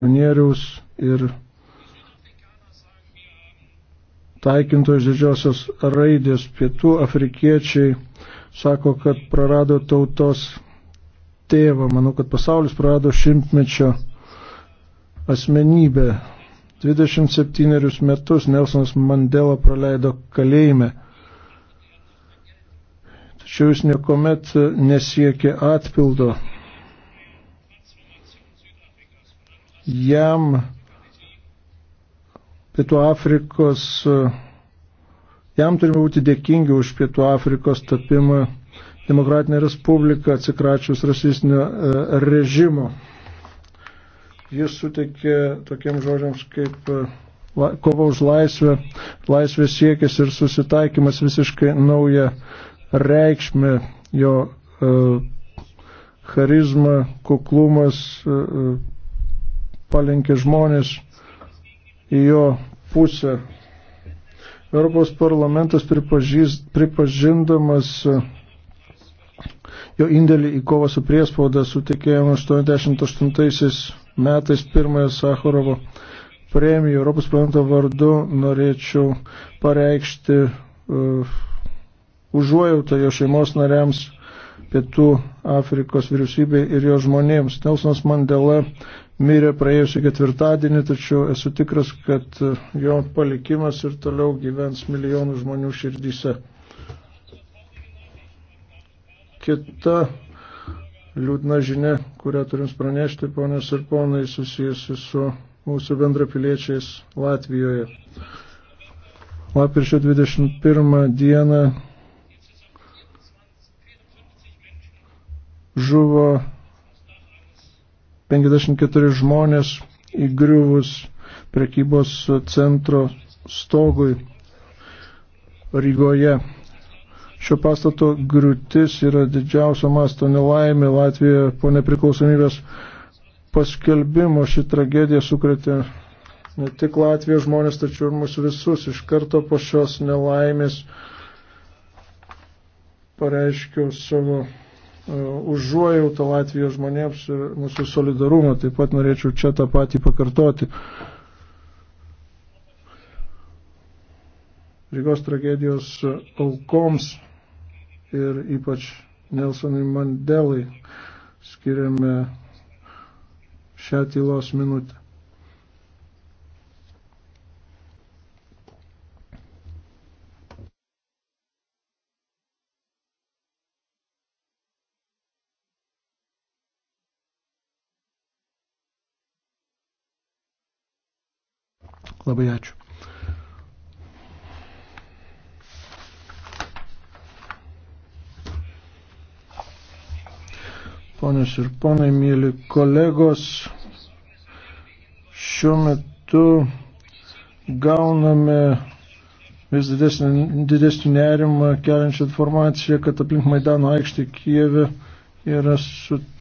milijonieriaus ir taikinto iš didžiosios raidės pietų afrikiečiai sako, kad prarado tautos tėvą. Manau, kad pasaulis prarado šimtmečio asmenybę. 27 metus Nelsonas Mandela praleido kalėjime. Tačiau jis niekuomet nesiekė atpildo jam Pietų Afrikos, jam turime būti dėkingi už Pietų Afrikos tapimą Demokratinė Respublika atsikračius rasistinio e, režimo. Jis suteikė tokiems žodžiams kaip e, kova už laisvę, laisvės siekis ir susitaikymas visiškai naują reikšmę jo e, charizma, kuklumas, palinkė žmonės į jo pusę. Europos parlamentas pripažindamas jo indėlį į kovą su priespauda sutikėjom 88 metais pirmąją Sakharovo premiją. Europos parlamento vardu norėčiau pareikšti uh, užuojautą jo šeimos nariams Pietų Afrikos vyriausybei ir jo žmonėms. Nelsonas Mandela mirė praėjusią ketvirtadienį, tačiau esu tikras, kad jo palikimas ir toliau gyvens milijonų žmonių širdyse. Kita liūdna žinia, kurią turim pranešti, ponės ir ponai, susijusi su mūsų bendrapiliečiais Latvijoje. Lapkričio 21 dieną žuvo 54 žmonės įgriuvus prekybos centro stogui Rygoje. Šio pastato griūtis yra didžiausio masto nelaimė Latvijoje po nepriklausomybės paskelbimo. Ši tragedija sukretė ne tik Latvijos žmonės, tačiau ir mūsų visus. Iš karto po šios nelaimės pareiškiau savo Uh, užuojautą Latvijos žmonėms ir mūsų solidarumą. Taip pat norėčiau čia tą patį pakartoti. Rygos tragedijos aukoms ir ypač Nelsonui Mandelai skiriame šią tylos minutę. Labai ačiū. Ponios ir ponai, mėly kolegos, šiuo metu gauname vis didesnį, didesnį nerimą keliančią informaciją, kad aplink Maidano aikštį Kijeve yra su